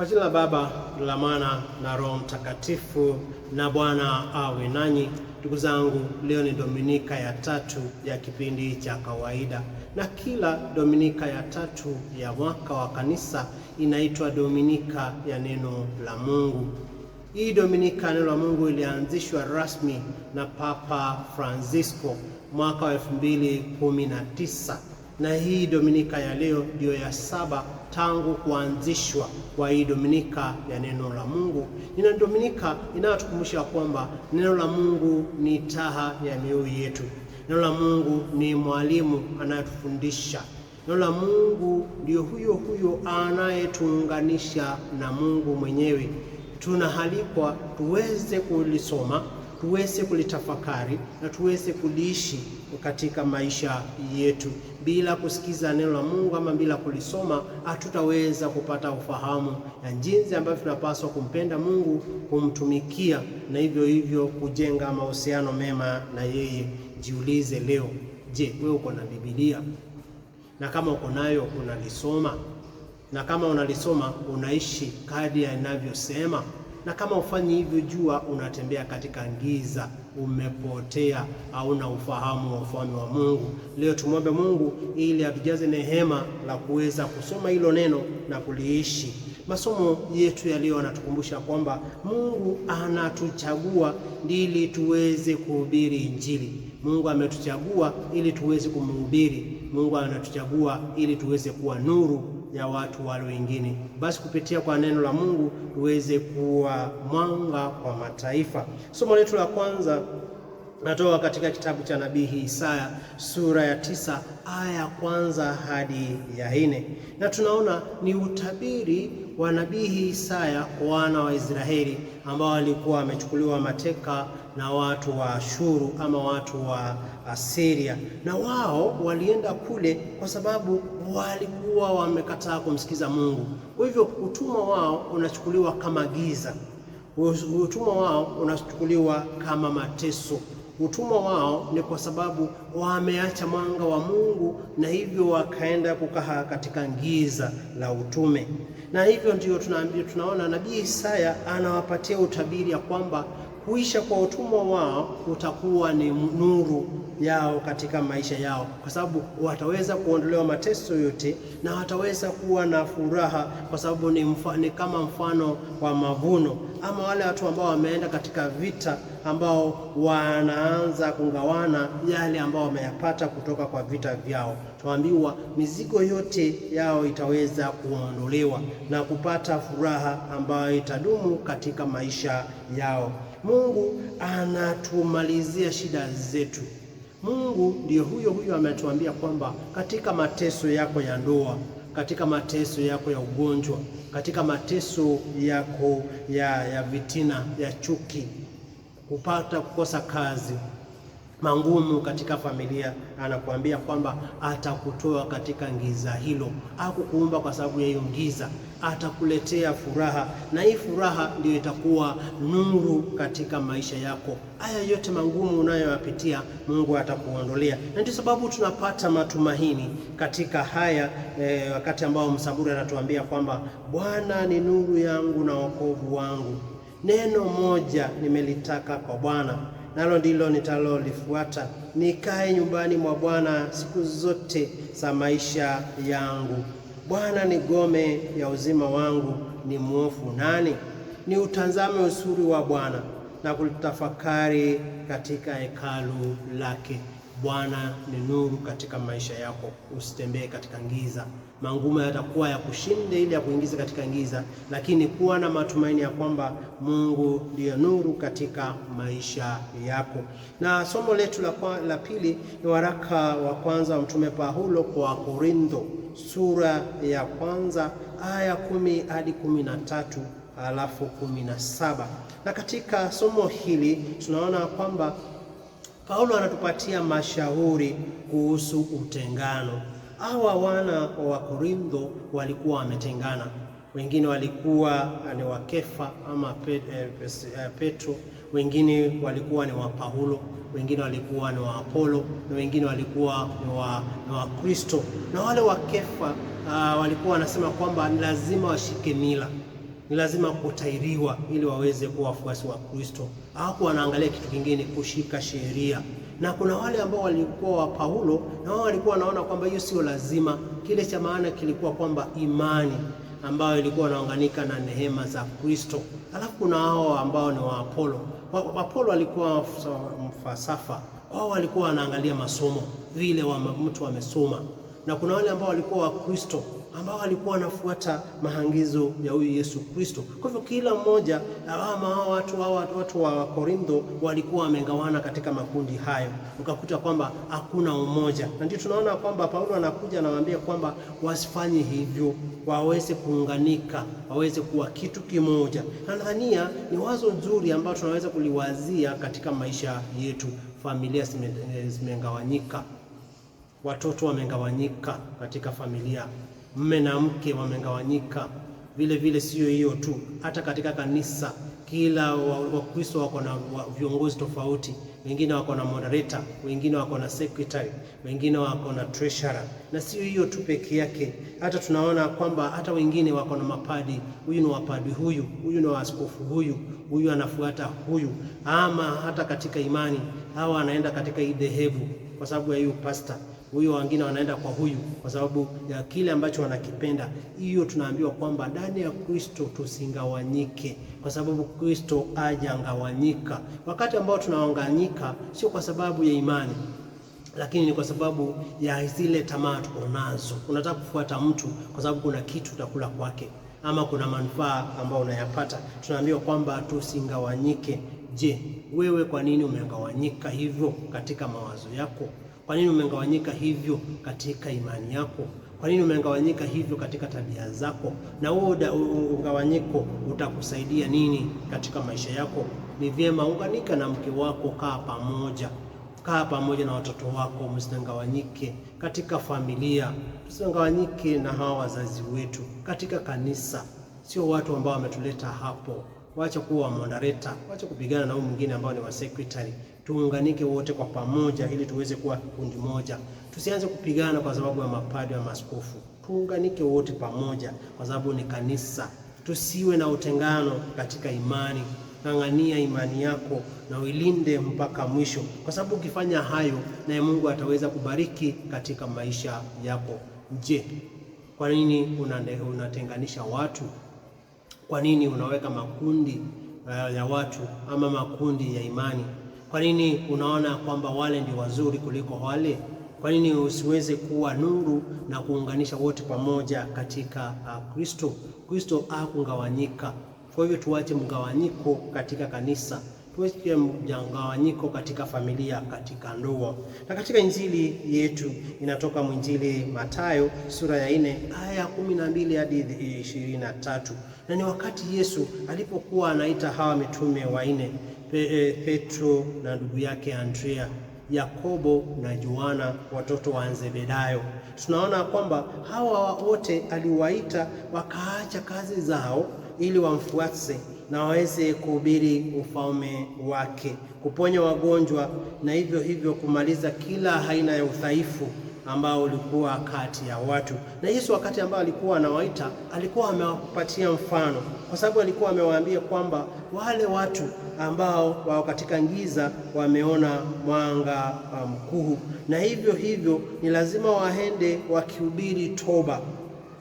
Kwa jina la Baba la Mwana na Roho Mtakatifu, na Bwana awe nanyi. Ndugu zangu, leo ni dominika ya tatu ya kipindi cha kawaida, na kila dominika ya tatu ya mwaka wa kanisa inaitwa dominika ya neno la Mungu. Hii dominika ya neno la Mungu ilianzishwa rasmi na Papa Francisco mwaka wa 2019 na hii Dominika ya leo ndiyo ya saba tangu kuanzishwa kwa hii Dominika ya neno la Mungu. Ina Dominika inayotukumbusha kwamba neno la Mungu ni taa ya mioyo yetu. Neno la Mungu ni mwalimu anayetufundisha. Neno la Mungu ndiyo huyo huyo anayetuunganisha na Mungu mwenyewe. Tunahalikwa tuweze kulisoma, tuweze kulitafakari na tuweze kuliishi katika maisha yetu bila kusikiza neno la Mungu ama bila kulisoma, hatutaweza kupata ufahamu na jinsi ambavyo tunapaswa kumpenda Mungu, kumtumikia na hivyo hivyo kujenga mahusiano mema na yeye. Jiulize leo, je, wewe uko na Biblia? Na kama uko nayo unalisoma? Na kama unalisoma unaishi kadri inavyosema? na kama ufanyi hivyo, jua unatembea katika giza, umepotea, hauna ufahamu wa ufalme wa Mungu. Leo tumwombe Mungu ili atujaze nehema la kuweza kusoma hilo neno na kuliishi. Masomo yetu ya leo yanatukumbusha kwamba Mungu anatuchagua ndili tuweze kuhubiri Injili. Mungu ametuchagua ili tuweze kumhubiri. Mungu anatuchagua ili tuweze kuwa nuru ya watu wale wengine. Basi kupitia kwa neno la Mungu tuweze kuwa mwanga kwa mataifa. Somo letu la kwanza natoka katika kitabu cha nabii Isaya sura ya tisa aya ya kwanza hadi ya nne, na tunaona ni utabiri wa nabii Isaya kwa wana wa Israeli ambao walikuwa wamechukuliwa mateka na watu wa Ashuru ama watu wa Asiria, na wao walienda kule kwa sababu walikuwa wamekataa kumsikiza Mungu. Kwa hivyo utumwa wao unachukuliwa kama giza, utumwa wao unachukuliwa kama mateso. Utumwa wao ni kwa sababu wameacha mwanga wa Mungu, na hivyo wakaenda kukaa katika giza la utume. Na hivyo ndiyo tunaambia, tunaona nabii Isaya anawapatia utabiri ya kwamba kuisha kwa utumwa wao utakuwa ni nuru yao katika maisha yao, kwa sababu wataweza kuondolewa mateso yote na wataweza kuwa na furaha, kwa sababu ni, mfa, ni kama mfano wa mavuno. Ama wale watu ambao wameenda katika vita, ambao wanaanza kungawana yale ambao wameyapata kutoka kwa vita vyao, tuambiwa mizigo yote yao itaweza kuondolewa na kupata furaha ambayo itadumu katika maisha yao. Mungu anatumalizia shida zetu. Mungu ndio huyo huyo ametuambia kwamba katika mateso yako ya ndoa, katika mateso yako ya ugonjwa, katika mateso yako ya, ya vitina, ya chuki, kupata kukosa kazi mangumu katika familia, anakuambia kwamba atakutoa katika ngiza hilo. Hakukuumba kwa sababu ya hiyo ngiza, atakuletea furaha, na hii furaha ndio itakuwa nuru katika maisha yako. Haya yote magumu unayoyapitia Mungu atakuondolea, na ndio sababu tunapata matumaini katika haya e, wakati ambao msaburi anatuambia kwamba Bwana ni nuru yangu na wokovu wangu, neno moja nimelitaka kwa Bwana nalo ndilo nitalolifuata, nikae nyumbani mwa Bwana siku zote za maisha yangu Bwana ni gome ya uzima wangu, ni mwofu nani? Ni utazame usuri wa Bwana na kulitafakari katika hekalu lake. Bwana ni nuru katika maisha yako, usitembee katika giza. Manguma yatakuwa ya kushinde ili ya kuingiza katika giza, lakini kuwa na matumaini ya kwamba Mungu ndiyo nuru katika maisha yako. Na somo letu la, la pili ni waraka wa kwanza wa Mtume Paulo kwa Korintho sura ya kwanza aya kumi hadi kumi na tatu alafu kumi na saba na katika somo hili tunaona kwamba Paulo anatupatia mashauri kuhusu utengano. Hawa wana wa Wakorintho walikuwa wametengana, wengine walikuwa ni wa Kefa ama eh, eh, Petro, wengine walikuwa ni wa Paulo, wengine walikuwa ni wa Apolo na wengine walikuwa ni wa Kristo. Na wale wa Kefa uh, walikuwa wanasema kwamba ni lazima washike mila, ni lazima kutairiwa ili waweze kuwa wafuasi wa Kristo hawakuwa wanaangalia kitu kingine, kushika sheria. Na kuna wale ambao walikuwa wa Paulo na wao walikuwa wanaona kwamba hiyo sio lazima. Kile cha maana kilikuwa kwamba imani ambayo ilikuwa wanaunganika na neema za Kristo. Alafu kuna hao ambao ni wa Apolo. Wa Apolo alikuwa mfasafa, wao walikuwa wanaangalia masomo, vile wa mtu amesoma, na kuna wale ambao walikuwa wa Kristo ambao walikuwa wanafuata maangizo ya huyu Yesu Kristo. Kwa hivyo kila mmoja hao watu hao watu wa Korintho walikuwa wamegawana katika makundi hayo, ukakuta kwamba hakuna umoja, na ndio tunaona kwamba Paulo anakuja anawaambia kwamba wasifanye hivyo, waweze kuunganika, waweze kuwa kitu kimoja. Nadhania ni wazo nzuri ambao tunaweza kuliwazia katika maisha yetu. Familia zimegawanyika, watoto wamegawanyika katika familia mme na mke wamegawanyika. Vile vile siyo hiyo tu, hata katika kanisa kila Wakristo wako na viongozi tofauti, wengine wako na moderator, wengine wako na secretary, wengine wako na treasurer. Na sio hiyo tu peke yake, hata tunaona kwamba hata wengine wako na mapadi, huyu ni wapadi, huyu huyu ni waaskofu, huyu huyu anafuata huyu, ama hata katika imani hawa anaenda katika hii dhehebu kwa sababu ya huyu pastor huyo, wengine wanaenda kwa huyu kwa sababu ya kile ambacho wanakipenda. Hiyo tunaambiwa kwamba ndani ya Kristo tusingawanyike, kwa sababu Kristo hajangawanyika. Wakati ambao tunawanganyika sio kwa sababu ya imani lakini ni kwa sababu ya zile tamaa tuko nazo. Unataka kufuata mtu kwa sababu kuna kitu utakula kwake, ama kuna manufaa ambayo unayapata. Tunaambiwa kwamba tusingawanyike. Je, wewe kwa nini umegawanyika hivyo katika mawazo yako? Kwa nini umegawanyika hivyo katika imani yako? Kwa nini umegawanyika hivyo katika tabia zako? Na huo ugawanyiko utakusaidia nini katika maisha yako? Ni vyema unganika na mke wako, kaa pamoja, kaa pamoja na watoto wako, msingawanyike katika familia, msingawanyike na hawa wazazi wetu, katika kanisa. Sio watu ambao wametuleta hapo. Wacha kuwa moderator, wacha kupigana na huyu mwingine ambao ni wa secretary tuunganike wote kwa pamoja, ili tuweze kuwa kikundi moja. Tusianze kupigana kwa sababu ya mapadri ya maskofu Tuunganike wote pamoja, kwa sababu ni kanisa. Tusiwe na utengano katika imani. Ng'ang'ania imani yako na uilinde mpaka mwisho, kwa sababu ukifanya hayo, naye Mungu ataweza kubariki katika maisha yako. Je, kwa nini unatenganisha watu? Kwa nini unaweka makundi eh, ya watu ama makundi ya imani? Kwa nini unaona kwamba wale ndio wazuri kuliko wale? Kwa nini usiweze kuwa nuru na kuunganisha wote pamoja katika ah, Kristo? Uh, Kristo hakungawanyika. Kwa hivyo tuache mgawanyiko katika kanisa, tuache mgawanyiko katika familia, katika ndoa. Na katika injili yetu inatoka mwinjili Mathayo sura ya 4 aya ya kumi na mbili hadi ishirini na tatu na ni wakati Yesu alipokuwa anaita hawa mitume wanne Petro na ndugu yake Andrea, Yakobo na juana watoto wa Zebedayo. Tunaona kwamba hawa wote aliwaita wakaacha kazi zao ili wamfuate na waweze kuhubiri ufalme wake, kuponya wagonjwa na hivyo hivyo kumaliza kila aina ya udhaifu ambao ulikuwa kati ya watu. Na Yesu wakati ambao alikuwa anawaita, alikuwa amewapatia mfano, kwa sababu alikuwa amewaambia kwamba wale watu ambao wao katika giza wameona mwanga uh, mkuu, na hivyo hivyo ni lazima waende wakihubiri toba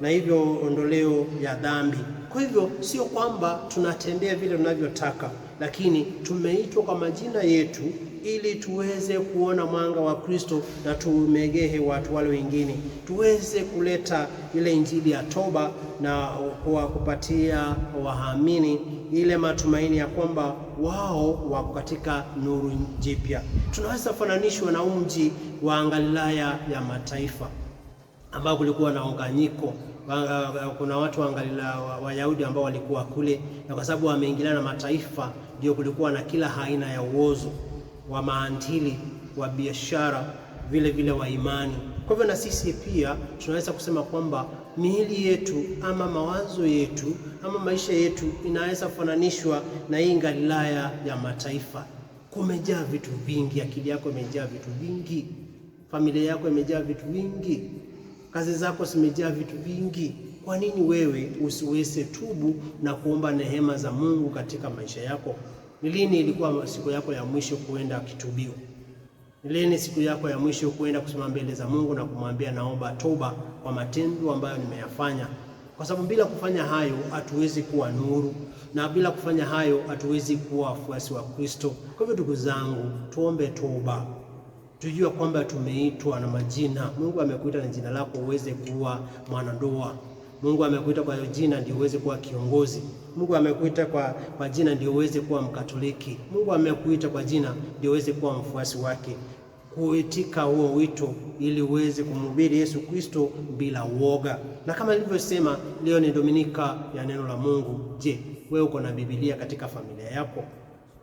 na hivyo ondoleo ya dhambi. Kwa hivyo sio kwamba tunatembea vile tunavyotaka lakini tumeitwa kwa majina yetu ili tuweze kuona mwanga wa Kristo na tumegehe watu wale wengine, tuweze kuleta ile injili ya toba na kuwakupatia wahamini ile matumaini ya kwamba wao wako katika nuru jipya. Tunaweza fananishwa na mji wa Galilaya ya mataifa ambao kulikuwa na unganyiko kuna watu angalila Wayahudi ambao walikuwa kule, na kwa sababu wameingiliana na mataifa, ndio kulikuwa na kila aina ya uozo wa maandili wa biashara, vile vile wa imani. Kwa hivyo na sisi pia tunaweza kusema kwamba miili yetu ama mawazo yetu ama maisha yetu inaweza kufananishwa na hii Galilaya ya mataifa. Kumejaa vitu vingi, akili yako imejaa vitu vingi, familia yako imejaa vitu vingi Kazi zako zimejaa vitu vingi. Kwa nini wewe usiweze tubu na kuomba nehema za Mungu katika maisha yako? Ni lini ilikuwa siku yako ya mwisho kuenda kitubio? Ni lini siku yako ya mwisho kuenda kusema mbele za Mungu na kumwambia naomba toba kwa matendo ambayo nimeyafanya? Kwa sababu bila kufanya hayo hatuwezi kuwa nuru, na bila kufanya hayo hatuwezi kuwa wafuasi wa Kristo. Kwa hivyo, ndugu zangu, tuombe toba tujua kwamba tumeitwa na majina. Mungu amekuita na jina lako uweze kuwa mwanandoa. Mungu amekuita kwa jina ndio uweze kuwa kiongozi. Mungu amekuita kwa, kwa jina ndio uweze kuwa Mkatoliki. Mungu amekuita kwa jina ndio uweze kuwa mfuasi wake. Kuitika huo wito ili uweze kumhubiri Yesu Kristo bila uoga. Na kama nilivyosema, leo ni Dominika ya neno la Mungu. Je, wewe uko na Biblia katika familia yako?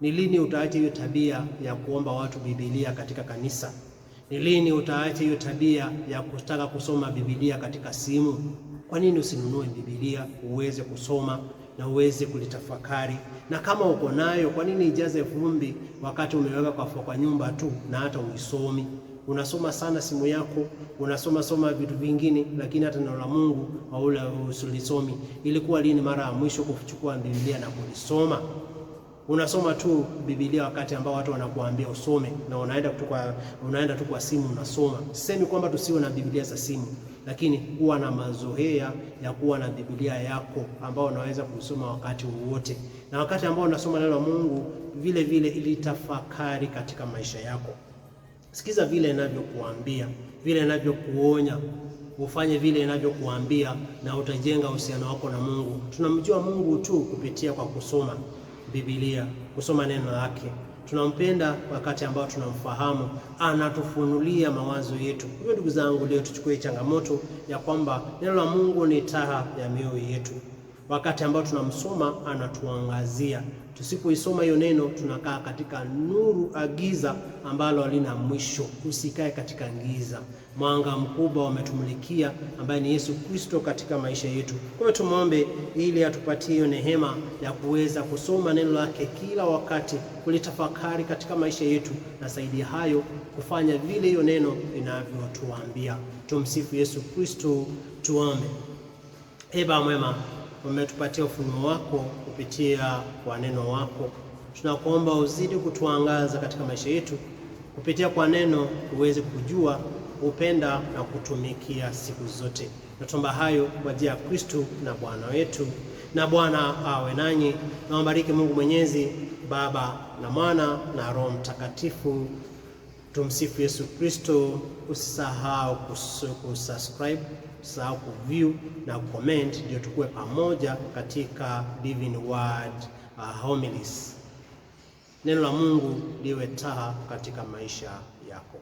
Ni lini utaacha hiyo tabia ya kuomba watu Biblia katika kanisa? Ni lini utaacha hiyo tabia ya kutaka kusoma Biblia katika simu? Kwa nini usinunue Biblia uweze kusoma na uweze kulitafakari? Na kama uko nayo, kwa nini ijaze vumbi wakati umeweka kwa, kwa nyumba tu na hata uisomi? Unasoma sana simu yako, unasoma soma vitu vingine, lakini hata neno la Mungu haulisomi. Ilikuwa lini mara ya mwisho kuchukua Biblia na kulisoma? Unasoma tu Biblia wakati ambao watu wanakuambia usome na unaenda tu kwa, unaenda tu kwa simu unasoma. Sisemi kwamba tusiwe na Biblia za simu, lakini kuwa na mazoea ya kuwa na Biblia yako ambao unaweza kusoma wakati wowote, na wakati ambao unasoma neno la Mungu vile vile ilitafakari katika maisha yako. Sikiza vile inavyokuambia, vile inavyokuonya ufanye vile inavyokuambia, na utajenga uhusiano wako na Mungu. Tunamjua Mungu tu kupitia kwa kusoma Biblia, kusoma neno lake. Tunampenda wakati ambao tunamfahamu, anatufunulia mawazo yetu. Hivyo ndugu zangu, leo tuchukue changamoto ya kwamba neno la Mungu ni taa ya mioyo yetu wakati ambao tunamsoma anatuangazia. Tusipoisoma hiyo neno, tunakaa katika nuru agiza ambalo halina mwisho. Usikae katika giza, mwanga mkubwa wametumulikia, ambaye ni Yesu Kristo katika maisha yetu. Kwa hiyo tumwombe ili atupatie hiyo nehema ya kuweza kusoma neno lake kila wakati, kulitafakari katika maisha yetu, na zaidi hayo kufanya vile hiyo neno inavyotuambia. Tumsifu Yesu Kristo. Tuombe. Eba ee mwema umetupatia ufunuo wako kupitia kwa neno wako. Tunakuomba uzidi kutuangaza katika maisha yetu kupitia kwa neno, uweze kujua, upenda na kutumikia siku zote. Natomba hayo kwa njia ya Kristo na Bwana wetu. Na Bwana awe nanyi, na Mungu Mwenyezi, Baba na Mwana na Roho Mtakatifu. Tumsifu Yesu Kristo. Usisahau kusubscribe, usisahau kuview na comment, ndio tukue pamoja katika Living Word uh, Homilies. Neno la Mungu liwe taa katika maisha yako.